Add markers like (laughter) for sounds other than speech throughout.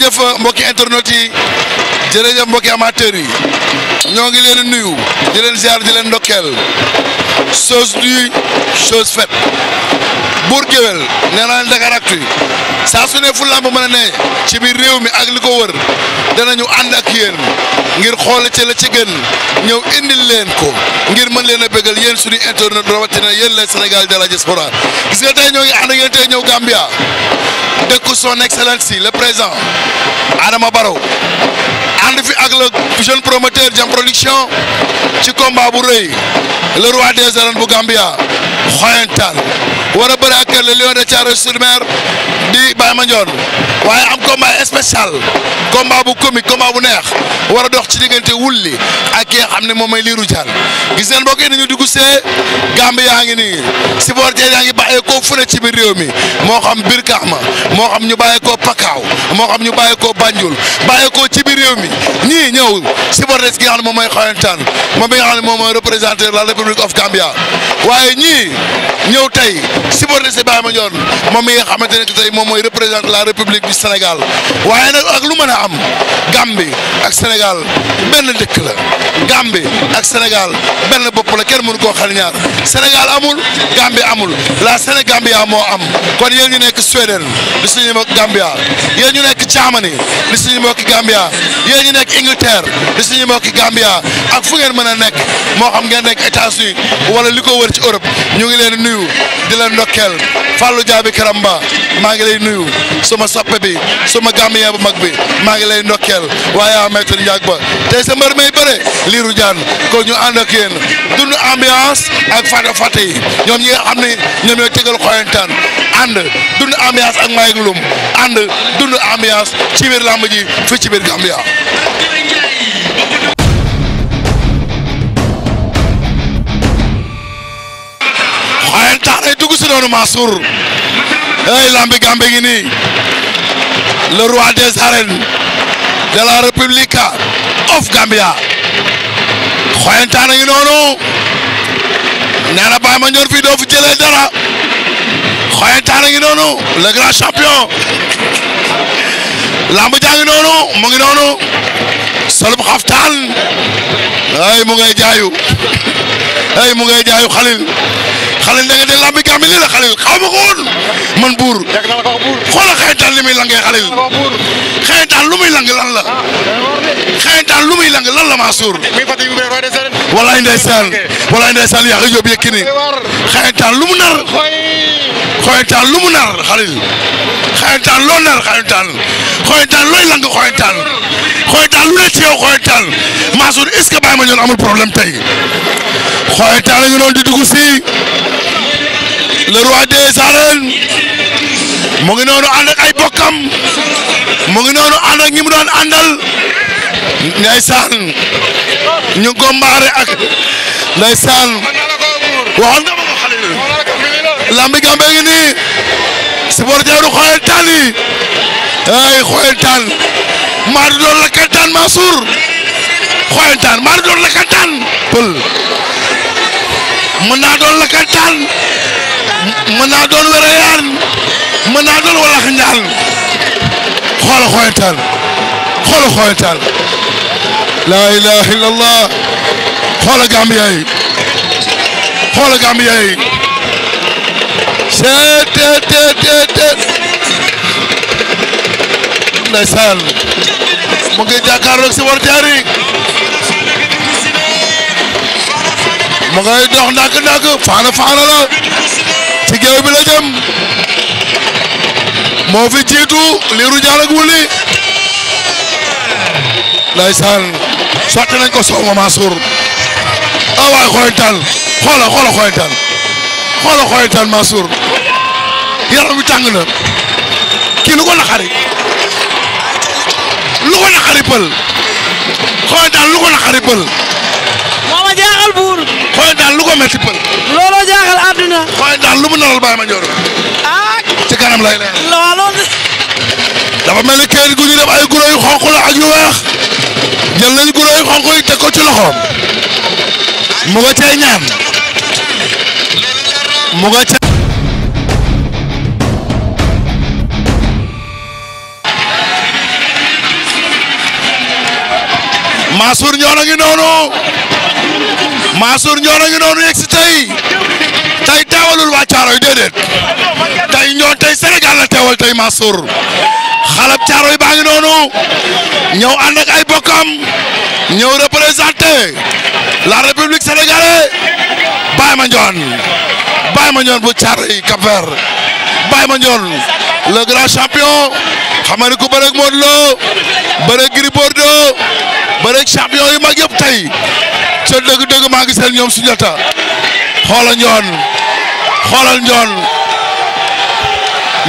jërëjëf mbokki internet yi jërëjëf mbokki amateur yi ñoo ngi leen nuyu di leen ziar di leen ndokkeel chose due chose faite buur géwél nee na leen Dakaractu saa su ne fu làmb mën a ne ci biir réew mi ak li ko wër danañu ànd ak yéen ngir xool ci la ci gën ñëw indil leen ko ngir mën leen a bégal yéen suñu internet rawatina yéen la Sénégal de la diaspora gis nga tey ñoo ngi ànd ak yéen tey ñëw Gambia dëkku son excellence si le président Adama Barrow ànd fi ak le jeune promoteur Jam Production ci combat bu rëy le roi des arènes bu Gambia xoyantaan war a bëri ak le lion de Thiaroye-sur-Mer di ma Mandione waaye am combat spécial combat bu comique combat bu neex war a dox ci diggante wulli ak ki xam ne moom mooy Lirou Diane gis ngeen mbokk yi nañu dugg see Gambie yaa ngi nii supporter yaa ngi bàyyee koo fu ci biir réew mi moo xam biir Kaama moo xam ñu bàyyee koo Pakaaw moo xam ñu bàyyee koo Banjul bàyyee koo ci biir réew mi ñii ñëw supporter gi nga xam ne moom mooy xoyantaan moom bi nga xam ne moom mooy représenté la République of Gambia ñëw tey supporter si Baye Mandione moom mi nga xamante ne tey moom mooy représente la république bi Sénégal waaye nag ak lu mën a am Gambie ak Sénégal benn dëkk la Gambie ak Sénégal benn bopp la kenn mënu ko xar ñaar Sénégal amul Gambie amul la Sénégambia moo am kon yéen ñu nekk Suède di suñu mbokk Gambia yéen ñu nekk Germany di suñu mbokk Gambia yéen ñu nekk Angleterre di suñu mbokk Gambia ak fu ngeen mën a nekk moo xam ngeen nekk états wala li ko wër ci leen nuyu di la ndokkeel Fallou Diaby maa ngi lay nuyu suma sappe bi suma gàmmiyee bu mag bi maa ngi lay ndokkeel waaye Ahmed Ndiaye ba tey sa mbër may bëre Lirou Diane kon ñu ànd ak yéen dund ambiance ak fàtte fàtte yi ñoom ñi xam ne ñoom ñooy tegal xoyantaan ànd dund ambiance ak Mayek Loum ànd dund ambiance ci biir làmb ji fii ci biir Gambia. noonu Masur. hey lambing gambe ini. le roi des arènes de la république of Gambia xoyantaan a ngi noonu nee na Baye Mandione fii doo fi jëlee dara xoyantaan a ngi le grand champion lamb jaa ngi noonu mu ngi noonu solub khaftan. ay mu ngay jaayu ay mu ngay jaayu xalil da nga de lambi gàmmi lii la xalil xaw ma ko man buur xoola xayitaan li muy langee xalil xayitaan lu muy lang lan la xayitaan lu muy lang lan la maa suur walaay ndeysaan walaay ndeysaan yaa ngi yóbbu yëkkini xayitaan lu mu nar xayitaan lu mu nar xalil xayitaan xoyantaan looy lang xoyantaan xoyantaan lu ne ci yow xoyantaan Mansour est-ce que bàyyi ma ñoon amul problème tey xoyantaan la ñu doon di dugg si le roi mu ngi noonu ànd ak ay bokkam mu ngi noonu ànd ak ñi mu doon àndal ñu ko mbaare ak ndeysaan waxoon nga ma ko xale lambi gambe ngi nii supporteru xoyantaan yi ay xoyantaan maa du doon lakkantaan Mansour xoyantaan maa du doon lakkantaan pël mën naa doon lakkantaan mën naa doon wereyaan mën naa doon walax xoola xoyantaan xoola xoyantaan laa xoola Gambia yi xoola Gambia yi seet teet teet teet ndeysaan mu ngi jàkkaarloog si war jaari mu ngay dox ndànk ndànk faana faana la ci géew bi la jëm moo fi jiitu liiru jaar ak wuli ndeysaan sotti nañ ko soow ma Mansour a ah waay xoola xoola xoyantaan xoola yaram wi tàng na kii lu ko naqari lu ko naqari pël xool ko naqari pël. moo ma jaaxal buur. xool daal lu ko metti pël. looloo jaaxal àdduna. xool daal lu mu naral bàyyi ma njóor. ah. ci kanam lay lay. loolu. dafa mel ni kayit gu ñu def ay guro yu xonq la ak yu weex jël nañ guro yu xonq yi teg ci loxoom mu nga cay ñaan mu Mansour Ndione a noonu Mansour Ndione a ngi noonu yegg si tey tey teewalul waa Caaroy déedéet tey ñoon tey Sénégal la teewal tey Mansour xalab Caaroy baa noonu ñëw ànd ak ay bokkam ñëw représenté la République sénégalaise Baye Mandione Baye Mandione bu Caaroy Cap Vert Baye Mandione le grand champion xamane nga ne ku bëreeg Modou Lo bëreeg Gris Bordeaux bëreeg champion yu mag yëpp tay ci deug deug ma ngi seen ñoom Sunjata xolal ñoon xolal ñoon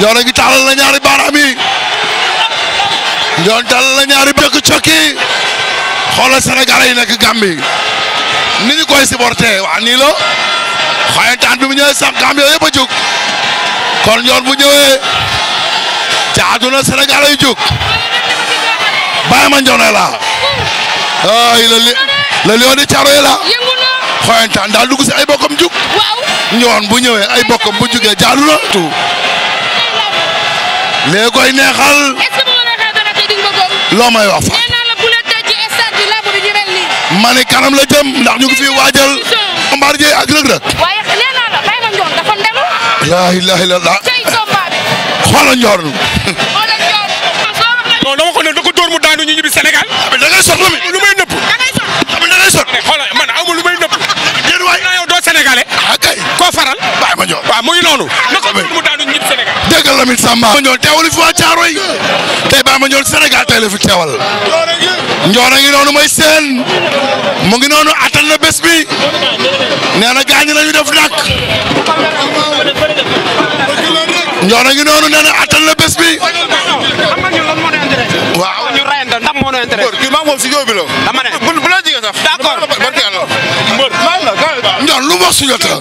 yoon gi talal la ñaari barami ñoon talal la ñaari bekk cokki xolal senegal yi nekk gambi ni ñu koy supporté waa nii la xoyantaan bi mu ñëw sax gambi yëpp a jóg kon ñoon bu ñëwé jaadu na Sénégal ay jóg Baye Mandione la ay la li la lion de Thiaroye la xoyantaan daal ay bokkam jug ñëwoon bu ñëwee ay bokkam bu jugee jaadu tu léegi neexal loo wax fa ma ne kanam la jëm ndax ñu ngi fi waajal Bombardier ak Reug Reug la ilaha illallah xoolal Ndiol. non dama ko ne da ko dóor mu daanu ñu ñibbi Sénégal. Ah, mais da ngay sot lu muy lu may nëpp. da ngay sot ah, mais da ngay sot. mais xoolal man amul lu ah, koo faral. bàyyi ma ñëw waaw mu ngi noonu. na ko mu daanu ñu ñibbi Sénégal. dégg nga Lamine Samba. ma ma ñëw Sénégal tey la fi teewal. Ndiol a ngi noonu may seen. mu ngi noonu attan na bés bi. nee gaañ nañu def nag. ñoo na ngi noonu nee na attan la bés bi. waaw ñu rayante ndam moo ñu intéressé. kii maa moom si góob bi la. dama ne bu bu la jigéen sax. d'accord lu wax suñu ta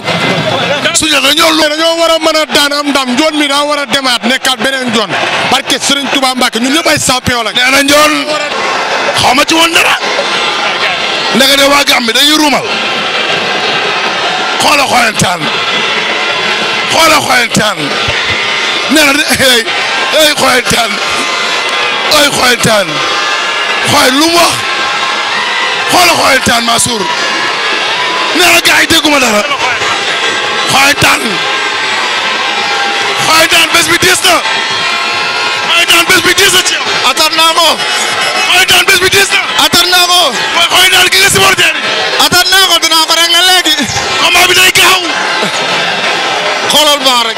suñu ta ñoom lu. dañoo war a mën a daan am ndam njoon mi daa war a demaat nekkaat beneen njoon. barke Serigne Touba Mbacke ñun ñëpp ay champion la. nee na njoon xaw ma ci woon dara. ndeke de waa Gàmbi dañuy ruumal. xoola xooyantaan xoola xooyantaan. nee na ay ay xoyantaan ay xoyantaan xooy lu mu wax xoola xoyantaan Mansour nee na gars yi dégguma dara xoyantaan xoyantaan bés bi diis na xoyantaan bés bi diis na ci yow. attan naa ko. xoyantaan bés bi diis na. attan naa ko. mooy xoyantaan gi nga si war attan naa ko dinaa ko rek la léegi. combat bi day gaaw. xoolal baax rek.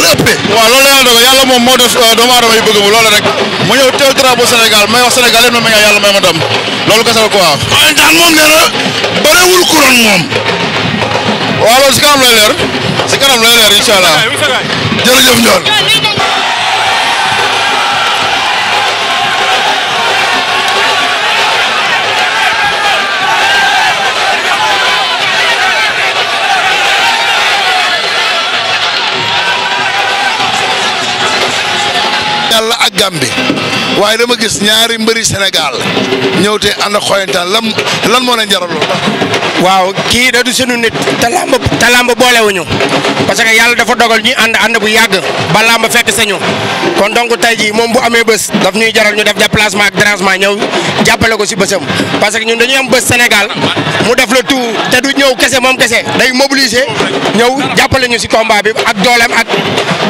leen ëppee waaw loolu la yàlla dogal moom moo def euh, doomu aadama yi bëgg mu loolu rek ma ñëw teew drapeau Sénégal may wax Sénégal yéen ma may yàlla may ma dam loolu kese la quoi waaye daan moom nee na bëriwul couronne moom waaw loolu si kanam lay leer si kanam lay leer incha allah jërëjëf Ndiol Gambie waye dama gis ñaari mbeuri senegal ñewte and ànd lam lan mo len leen jaral lool. waaw ki da du sunu nit lamb ta lamb boole wuñu parce que yalla dafa dogal ñi and and bu yàgg ba lamb fekk señu kon donc tay ji mom bu amé bëss daf ñuy jaral ñu def déplacement ak déplacement ñew jappalé ko si bëssam parce que ñun dañuy am bëss senegal mu def le tout te du ñew kese mom kessé day mobiliser ñew jappalé ñu si combat bi ak dolem ak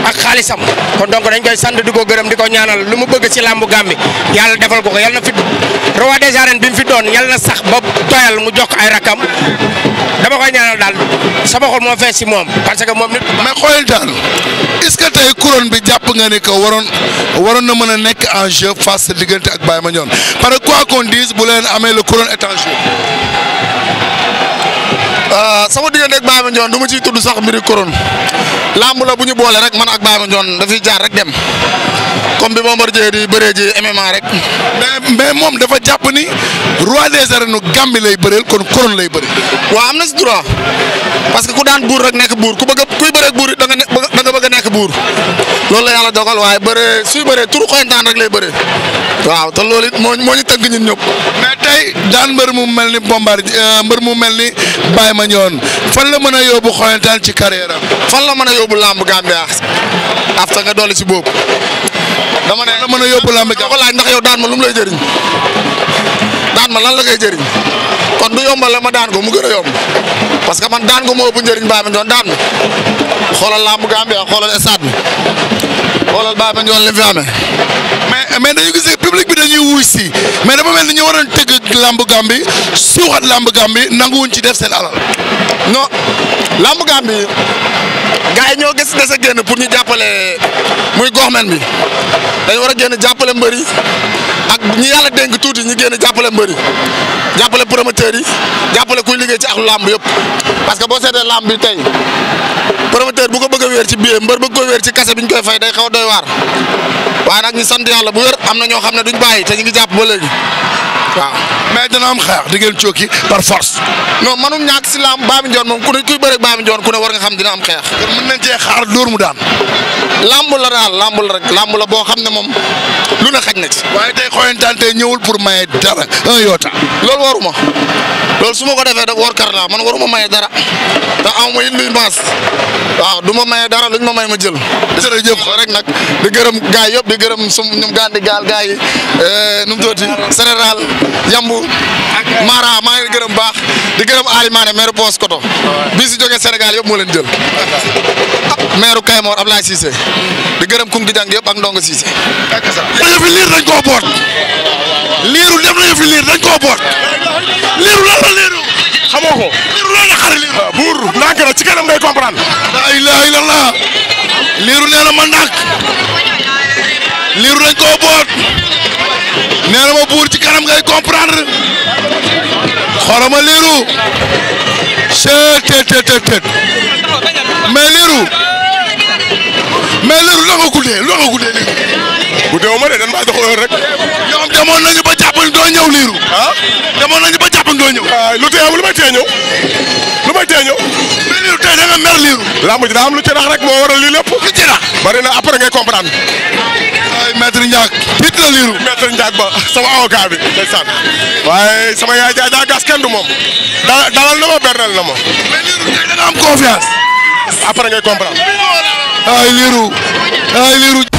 ak xaalisam kon donc dañ koy sand di ko gërëm di ñaanal lu mu bëgg ci lamb Gàmbi yàlla defal ko ko yàlla na fi roi des arènes bi mu fi doon yàlla na sax ba toyal mu jox ay rakam dama koy ñaanal daal sama xol moo fees si moom parce que moom nit. mais xoolal daal est que tey couronne bi jàpp nga ni que waroon na mën a nekk en jeu face sa diggante ak Baye Mandione parce que quoi qu'on dise bu leen amee le couronne est en jeu. Euh, diggante ak Baye Mandione du ma ciy tudd sax mbiri couronne làmb la bu ñu boole rek man ak Baye Mandione dafiy jaar rek dem. comme bi Bombardier di bëree ji MMA rek. mais moom dafa jàpp ni roi des arènes Gambie lay bareel kon couronne lay bëri. waa am na si droit parce que ku daan buur rek nekk buur ku bëgg a kuy bëree buur da nga da nekk buur loolu la yàlla dogal waaye bëree suy bëree turu xoyantaan rek lay bëree. waaw te loolu moo moo ñu tënk ñun ñëpp. mais tey daan mbar mu mel ni Bombardier euh, mbar mu mel ni ma Mandione fan la mën a yóbbu xoyantaan ci carrière fan la mën a yóbbu làmb Gambia afta nga dolli si boobu. dama ne la mën lamb ko laaj ndax yow daan ma lu mu lay jëriñ ma lan la koy jëriñ kon du yombal la ma daan ko mu gën parce que man daan ko moo ëpp njëriñ Baye Mandione daan ma xoolal lamb Gambia xoolal stade bi xoolal Baye Mandione li mu fi amee mais mais dañu gis public bi si mais dama mel ni ñu waroon tëgg lamb Gambie suuxat lamb Gambie nanguwuñ ci def seen alal non lamb Gambie gars yi ñoo gis des sa génn pour ñu jàppale muy goxmen bi dañu war a génn jàppale mbër ak ñu yàlla dénk tuuti ñu génn jàppale mbari yi jàppale promoteur yi jàppale kuy liggéey ci ak làmb yëpp parce que boo seetee làmb bi tey promoteur bu ko bëgg a wéer ci billet mbër bëgg ko wéer ci kase bi ñu koy fay day xaw doy waar waaye nag ñu sant yàlla bu wér am na ñoo xam ne duñ bàyyi te ñu ngi jàpp ba léegi waaw mais dina am xeex di ngeen cooki par force. non si laam Babi Ndione moom ku ne kuy bëreeg Babi ku ne war nga xam dina am xeex. kon mën nañ cee xaar dóor mu daan. lamb la daal lamb rek lamb la boo xam ne moom lu ne xaj na ci. waaye tey xoyantaan tey ñëwul pour maye dara un yoota. loolu waruma loolu su ma ko defee daf war kar laa man waruma maye dara te amuma it luy maas waaw du ma may dara luñ ma may ma jël. jërëjëf rek nag di gërëm gaay yëpp di gërëm sum ñoom gandi gaal gaay yi eh, nu mu tuuti yambu Mara maa ngi gërëm baax di gërëm Aliou Mané maire Poos Koto bii si jógee Sénégal yëpp moo leen jël maire Kaymoor Ablaye Cissé di gërëm Koungheul jàng yëpp ak Ndongo Cissé. dañu fi fi liir dañ koo boot liiru lan la liiru xamoo liiru lan la xale liiru ah, buur ndànk la ci kanam ngay comprendre la ilaha illallah liiru nee ma ndànk liiru dañ koo boot nee na ma buur ci kanam ngay comprendre xoroma liiru seet teet teet mais liiru mais liiru loo nga guddee loo nga guddee liiru guddee ma de dan maa jox heure rek ñoom demoon nañu ba jàppal doo ñëw liiru ah demoon nañu ba jàppal doo ñëw lu tee am lu may tee ñëw lu may tee ñëw mais liiru tey da nga mer liiru lamb ji daa am lu ci rek moo waral lii lépp ci rax bari na après ngay comprendre waaye maître Ndiak tiit na maître Ndiak ba sama avocat bi ndeysaan waaye sama yaay jaay daa gas kenn du moom dalal na ma bernal na ma mais liiru tey da nga am confiance après ngay comprendre ay liiru ay liiru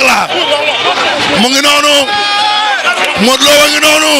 mag la mu ngi noonu Modou Lo wa ngi noonu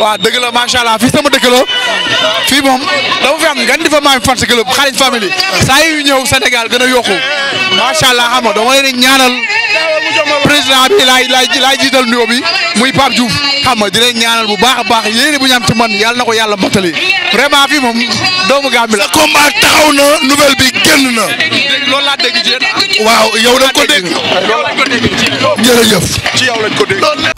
waaw dëgg la macha allah fii sama dëkk la fii moom dama fi am gan di fa maam fan si club xarit famille saa yu ñëw Sénégal gën a yokku macha allah xam nga dama leen ñaanal président bi laay laay laay jiital nuyoo bi muy Pape Diouf xam ma di leen ñaanal bu baax a baax yéene bu ñu ci man yàlla na ko yàlla mottali vraiment fii moom doomu Gambie la. sa combat taxaw na nouvelle bi génn na. loolu laa dégg a yéen waaw yow da ko dégg. loolu laa ci yow. lañ ko dégg.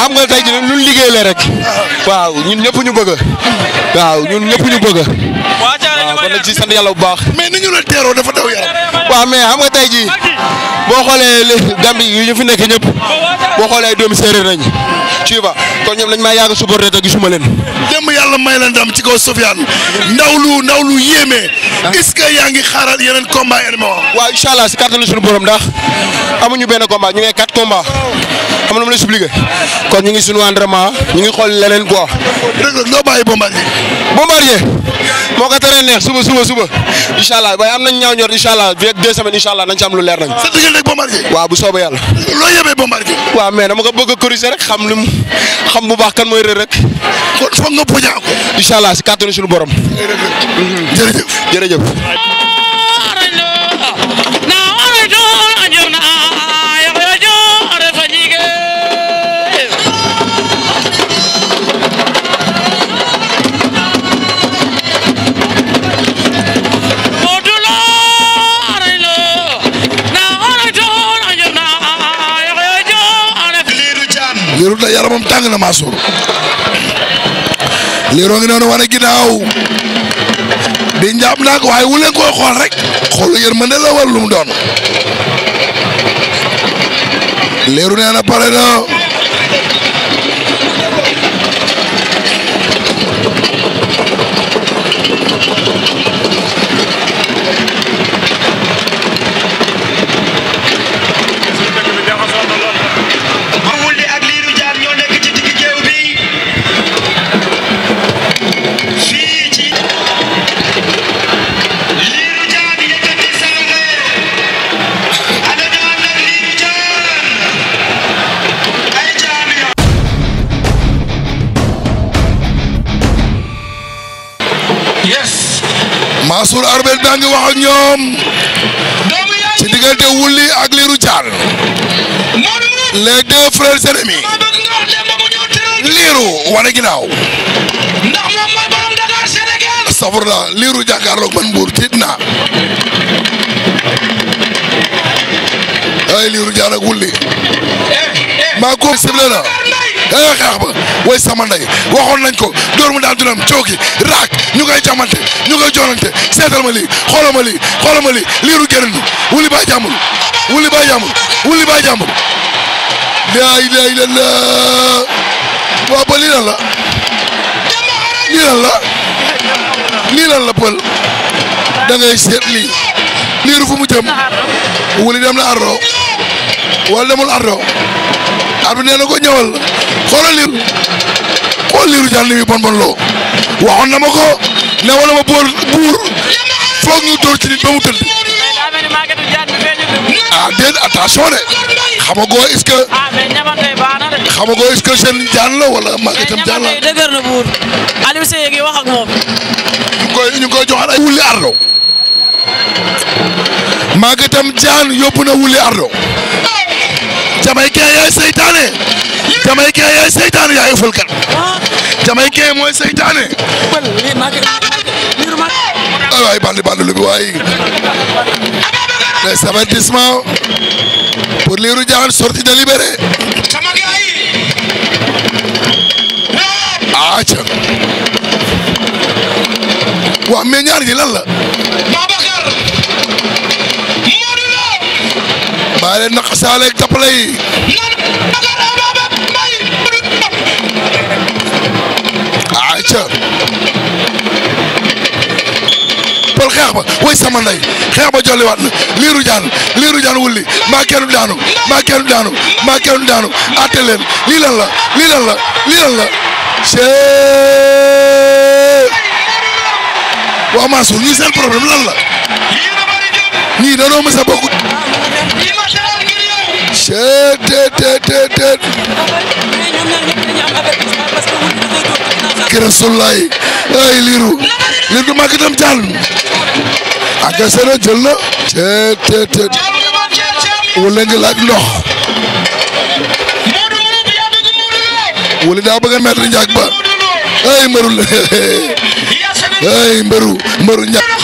waaw xam nga tey jii ñun liggéey la rek. waaw ñun ñëpp ñu bëgg. waaw ñun ñëpp ñu bëgg. waaw kon nag ci sant yàlla bu baax. mais ni ñu teeroo dafa daw yaram. waaw mais am nga tey jii boo xoolee li Gambie yi ñu fi nekk ñëpp boo xoolee ay doomi séeréer nañ ci va kon ñoom lañ maa yàgg supporté te gisuma leen. démb yàlla may la ndam ci kaw Sofiane ndaw lu ndaw lu yéeme. Ah. est-ce que yaa ngi xaaral yeneen combat MMA. waaw incha allah si kàttanu suñu borom ndax amuñu benn combat ñu ngi ay xam nga ma la expliqué kon ñu ngi suñu entraînement ñu ngi xool leneen quoi. Reug Reug loo bàyyi bombardier. bombardier moo ko teree neex suba suba suba incha allah waaye am nañ ñaaw ñor incha allah bi deux semaines incha allah nañ ci am lu leer nañ. sa diggante ak bombardier. waaw bu soobee yàlla. loo yebee bombardier. waaw mais dama ko bëgg a corriger rek xam lu xam bu baax kan mooy Reug rek kon foog nga poñaa ko. incha allah si kàttanu suñu borom. liiru da yaramam tàng na Mansour liiroo ngi na wane ginnaaw di njaam naag waaye wu leen koy xool rek xoolu yërmande la war lu mu doon liiru na pare Dia ngi wax ak ñoom ci ak Lirou Diane les deux frères ennemis Lirou wane ginnaaw safur la Lirou jàkkaarloog man mbuur tiit naa ay Lirou ak Wouly eh, eh. maa ko sible eh xeex ba way sama ndey waxoon nañ ko dóor mu daal dunam cooki raak ñu koy jamante ñu koy joonante seetal ma lii xoolal ma lii xoolal ma lii liiru gërëndu wuli baa jàmbur wuli baa jàmbur wuli baa jàmbur lii liiru fu mu jëm wuli dem na ardo wala demul ardo arbitre nee na ko ñëwal xoolal liir xool liiru jaan li muy bon bon loo waxoon na ma ko ne wala ma boor buur foog ñu dóor ci nit ba mu tëdd. ah déet attention de xamagoo est-ce que. Ah, xamagoo est-ce que seen jaan la wala màggatam jaan la. dëgër na buur Aliou Seye ngi wax ak moom. ñu ngi koy ñu ngi koy joxoon ay wulli ardo màggatam jaan yóbbu na wulli ardo jamaïcain yaay seytaane jamaïcain yaay seytaane yaay fulkat jamaïcain mooy seytaane ay waay bandi lu bi waay les avertissements pour Lirou Diane sortie de libéré waa mais ñaar ñi lan maa leen naqa saaleeg jàppale yi aca pël xeex ba way sama ndey xeex ba jolli waat na liiru jaan liiru wulli maa kenn daanu maa kenn daanu maa lii lan la lii lan la lii lan la waa Mansour ñii seen problème lan la ñii danoo mës a seet teet teet teet kirasulaay ay liiru liir du màgg itam jàll agressé na jël na teet teet teet wala ngi laaj ndox wala daa bëgg a mettre njàkk ba ay mbaru ay (laughs) mbaru mbaru njàkk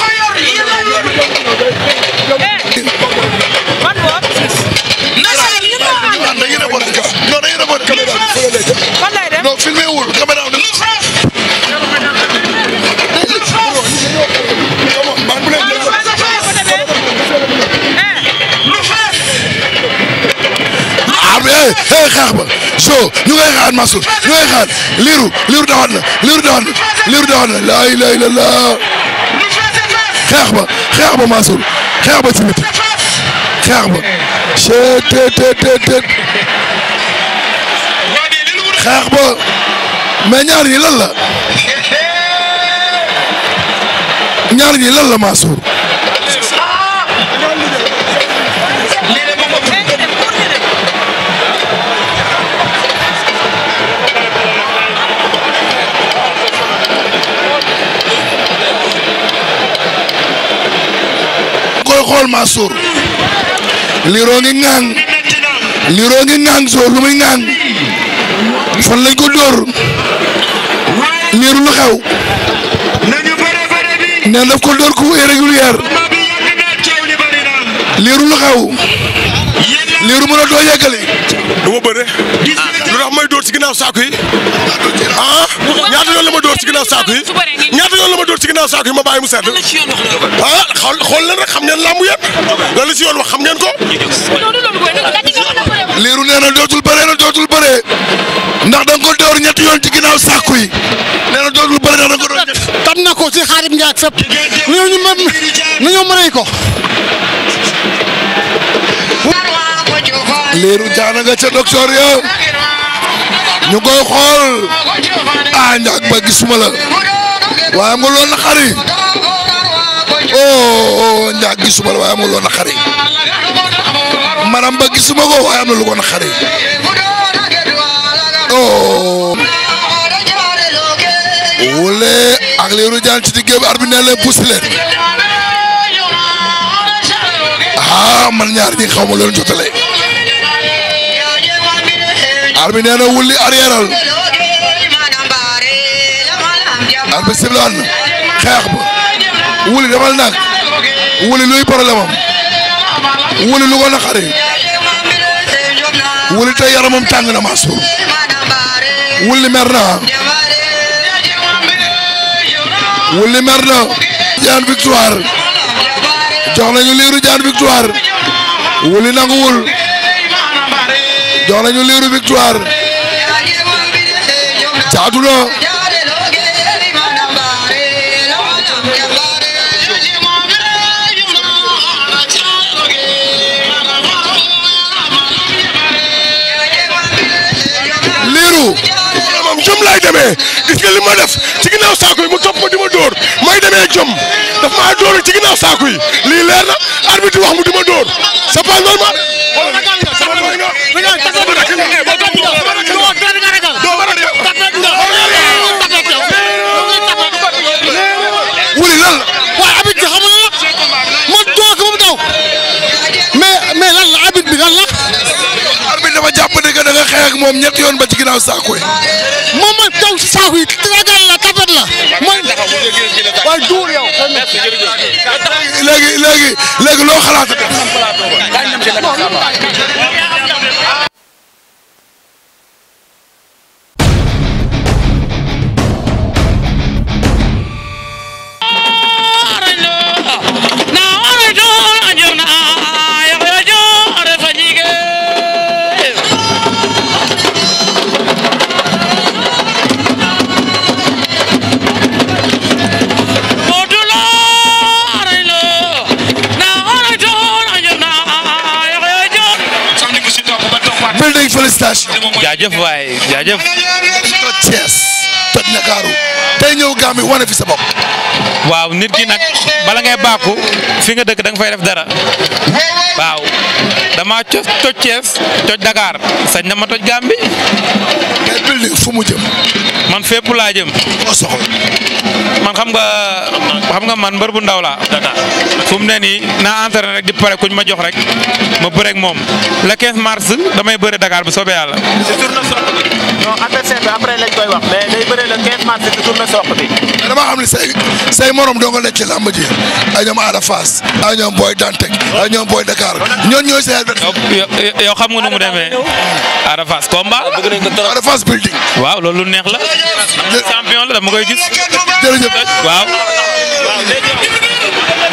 non filmé wul caméra wul. ah xeex ba so ñu ngay xaar Mansour ñu ngay xaar liiru liiru dawaat na liiru dawaat na liiru dawaat na laa ilaaha illallaah xeex ba xeex ba Mansour xeex ba ci métti xeex ba. xeex ba mais ñaar yi lan la ñaar yi lan la Mansour xool Mansour liroo ngi fan lañ ko dóor niiru lu xew nee daf ko dóor coup irrégulier liiru lu xew liiru mën a doo yeggali du ma bëre lu tax may dóor ci ginnaaw saako yi ah ñaata yoon la ma dóor ci ginnaaw saako yi ñaata yoon la ma dóor ci ginnaaw saako yi ma bàyyi mu sedd xol xool leen rek xam ngeen làmb yéen lan la si yoon wax xam ngeen ko liiru nee na dootul bëree na dootul bëree ndax da nga ko door ñetti yoon ci ginnaaw sàkku yi nee na dootul bëree ndax da nga ko door ñetti tam na ko ci xaarim njaag fépp réew ñu mën nañoo mënay ko liiru jaana nga ca docteur ya ñu koy xool a ah, njaag ba gisuma la waaye am nga loon na xari o oh, oh, oh, njaag gisuma la waaye am nga loon na xari maram ba gisuma ko waaye am lu ko naqari oh. Wule ak Lirou Diane ci digg bi arbitre ne leen pousse leen ah man ñaar ñi xaw ma leen jotale arbitre nee na Wuli arrièreal arbitre luy problème wuli lu ko naqari wuli tàng na Mansour wuli mer na wuli mer na Diane nañu liiru Diane Victoire wuli nanguwul jox nañu liiru Victoire jaadu na loolu moom jom laay demee gis nga li ma def ci ginnaaw saako yi mu topp ma di ma dóor may demee jom daf maa dóor ci ginnaaw saako yi lii leer na arbitre wax mu di ma dóor c'est pas wuli lan la. waaw arbitre a xamul la ma dóor ko ba mu daw mais mais lan la arbitre bi lan la. arbitre dafa xeex ak moom ñetti yoon ba ci ginnaaw saako yi. moom mooy daw si saako yi ragal la tapet la mooy. waaye duur yow. léegi léegi léegi loo xalaat. jaajëf waay jaajëf. toj Thiès toj Ndakaaru tey ñëw Gambie wane fi sa bopp. waaw nit ki nak bala ngay baku fi nga dëkk dang fay def dara waaw dama co toj Thiès Dakar sañ na ma toj Gambie. mais building fu mu jëm. man fepp la jëm. moo soxla. man xam nga xam nga man mbër bu ndaw laa. fu mu neni na entrer rek di paré kuñ ma jox rek ma ak mom le 15 mars damay bëre Dakar bu sobe yalla non adversaire bi après lañ koy wax mais day bëre le 15 mars ci tournée soq bi. mais dama xam ne say say morom doo ko nekk ci làmb ji ay ñoom Ada Fass ay ñoom Boy Dantec ay ñoom Boy Dakar ñooñu ñooy say adversaire. yow xam nga nu mu demee Ada Fass combat. Ah, bëgg nañ ko trop Ada Fass building. waaw loolu lu neex la. champion la dama koy gis. jërëjëf waaw.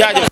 ya, ya.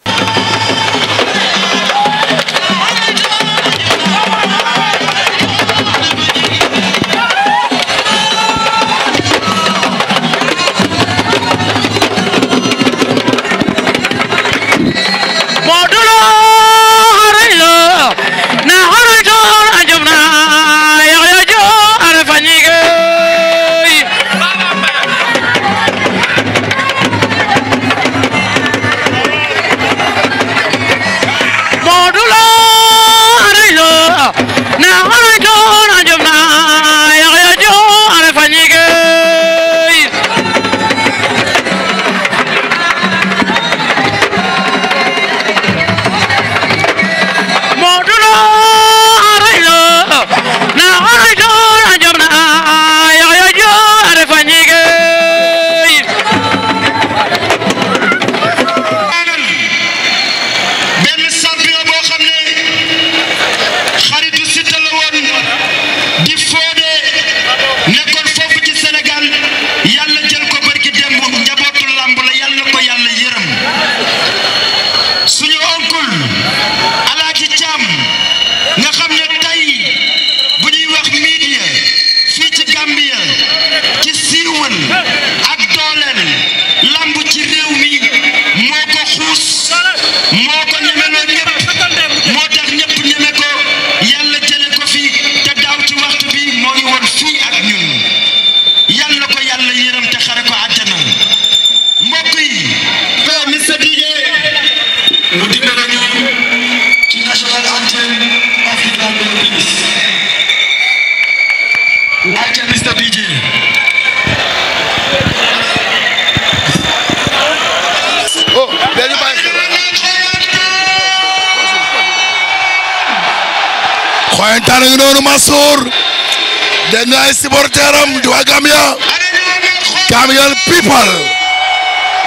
Gambian people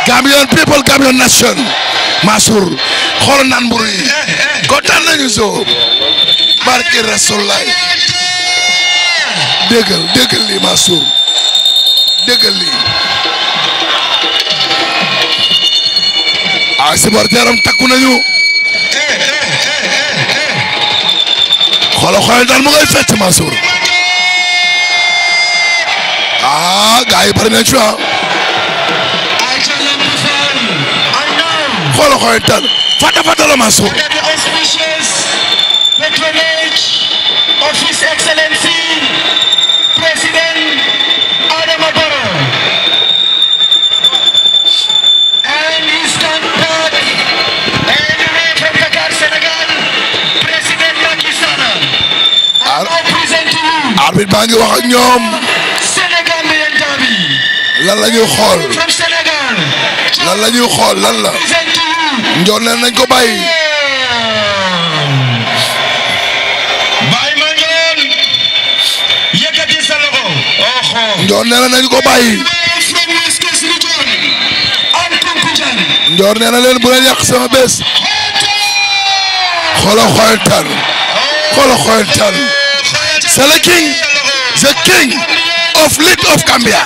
Gambian people Gambian nation Mansour xool naan mburu yi kontaan nañu so barke Rasulullah déggal déggal lii Mansour déggal lii ay supporter am takku nañu xoolal xoolal daal mu ngay fecc Mansour ah gars yi bari nañ fi ah. xoolal xoolal tan fata fata la maa suuf. of His Excellency President Adama Barrow and his counterpart and the man Senegal, President Macky Sall. Arbitre baa ngi wax ak ñoom. lan la ñuy xool lan la ñuy xool lan la njoon leen nañ ko bàyyi bàyyi ma ngeen yëkkati sa loxo njoon nee na nañ ko bàyyi njoor nee na leen bu leen yàq sama bés xoolo xoyantaan xoolo xoyantaan c'est le king the king of lit of Gambia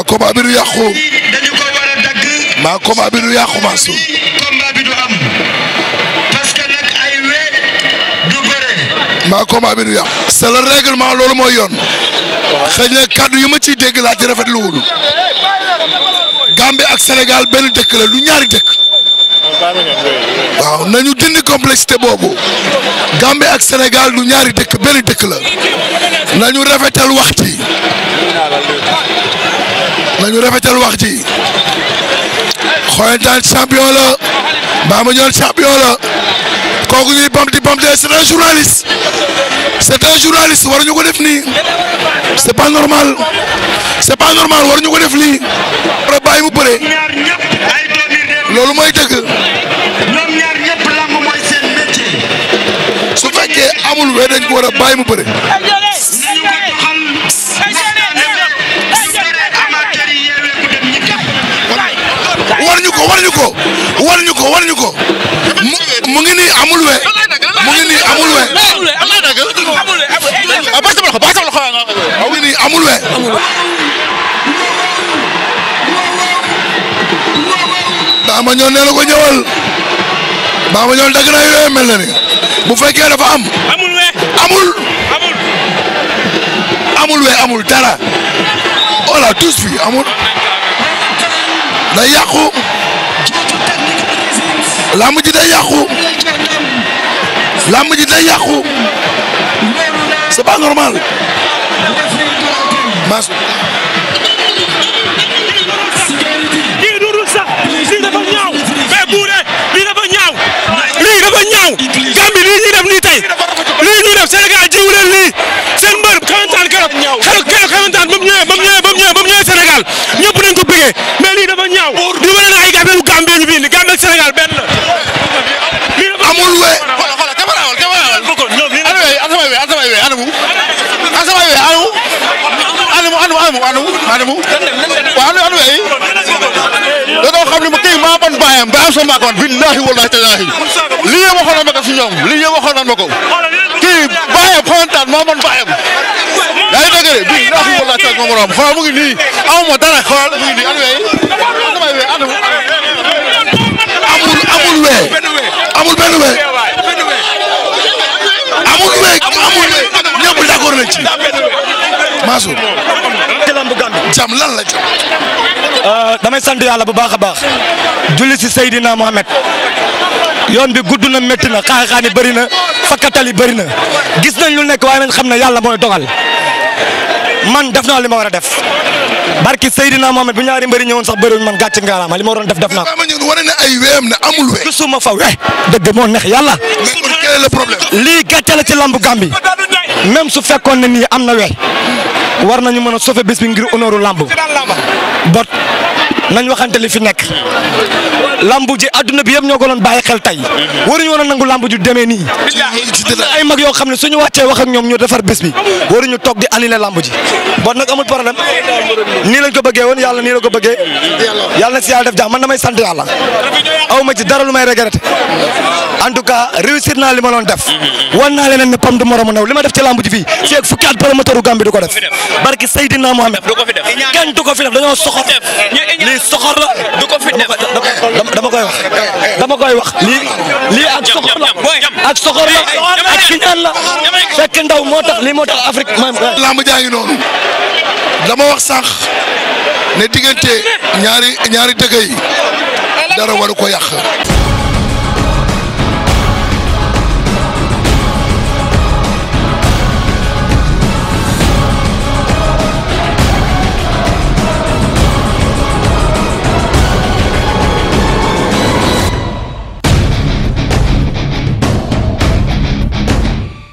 maa combat bi du yàqu. dañu am. parce que ay we du bëre. maa combat bi du yàqu. loolu mooy yoon. xëy na kàddu yi ma ciy dégg laa ci rafetlu wul. Gambie ak Sénégal benn dëkk la lu ñaari dëkk. waaw nañu dindi complexité boobu. Gambie ak Sénégal du ñaari dëkk benn dëkk la. nañu rafetal waxti nañu rafetal wax ji Xoyantaan champion la Bamba Ndione champion la kooku ñuy bam di bam de c'est un journaliste c'est un journaliste waruñu ko def nii c'est pas normal c'est pas normal waruñu def lii war a bàyyi mu bëree loolu mooy dëgg su fekkee amul wee dañ ko war a bàyyi mu bëre ko wan ñu ko mu ngi nii amul we mu ngi nii amul we mu ngi nii amul we baama ñoon nee na ko ñëwal baama ñoon dagg na yooyu ya, mel ni bu fekkee dafa am amul we amul amul we amul dara voilà tous fi amul day yàqu lamb ji day yàqu lamb ji day yàqu c'est pas normal mas lii dudul sax ñaaw lii dafa ñaaw ñaaw Gambie lii ñu def nii tey lii ñu def Sénégal lii seen mbër xamantaan keroog keroog keroog ba mu ñëwee ba mu ñëwee ba mu ñëwee Sénégal ñëpp nañ ko bëggee mais lii dafa anamu anamu anamu waaw anamu ay dañoo xam ne ma kii maa ban bàyyam ba am sama kon billahi wallahi talahi lii yëpp waxoon na ko si ñoom lii yëpp waxoon ko kii bàyyam xontaan maa ban bàyyam yaa ngi dëgg de wallahi talahi ma dara xool eh. amul amul wee amul wee amul wee amul wee ñëpp d'accord nañ ci Mansour jàmm lan la jàmm. Euh, damay sant yàlla bu baax a baax. julli si Seydina Mohamed. yoon bi gudd na métti na xaaxaan yi bëri na fakkatal yi na gis nañ lu nekk waaye nañ xam ne yàlla mooy dogal man def naa li ma war a def barki Seydina Mohamed bu ñaari mbëri ñëwoon sax bëriwuñ man gàcc ngaalaama li ma waroon def def naa ko. ñun wane na ay weem ne amul we. gisuma fa we dëgg moo neex yàlla. mais lii gàcce la ci lambu Gambie même su fekkoon ne nii am na we. war ñu mën a sauver bés bi ngir honoru lamb bot nañ waxante li fi nek lambu ji aduna bi yam ñoko ko baye xel tay waru ñu a nangul lambu ju deme ni ay mag yo xamne suñu wacce wax ak ñom ñu defar bes bi ñu tok di annulé lambu ji bon nak amul problème ni lañ ko bëgge won yalla ni la ko bëgge yalla na si yàlla def jax man damay sant yalla awma ci dara lu may regretté en tout cas réussir na li ma doon def wan naa ne pam du moromu naw lima def ci lambu ji fi ci ak fukkat promoteur gambi du ko def barki fi def kenn du ko fi def dañoo soxor soxor la du ko fi def dama koy dama koy wax lii lii ak soxor la ak soxor la ak kiñaan la fekk ndaw moo tax lii moo tax Afrique maam lamb jaa ngi noonu dama wax sànq ne diggante ñaari ñaari dëkk yi dara waru ko yàq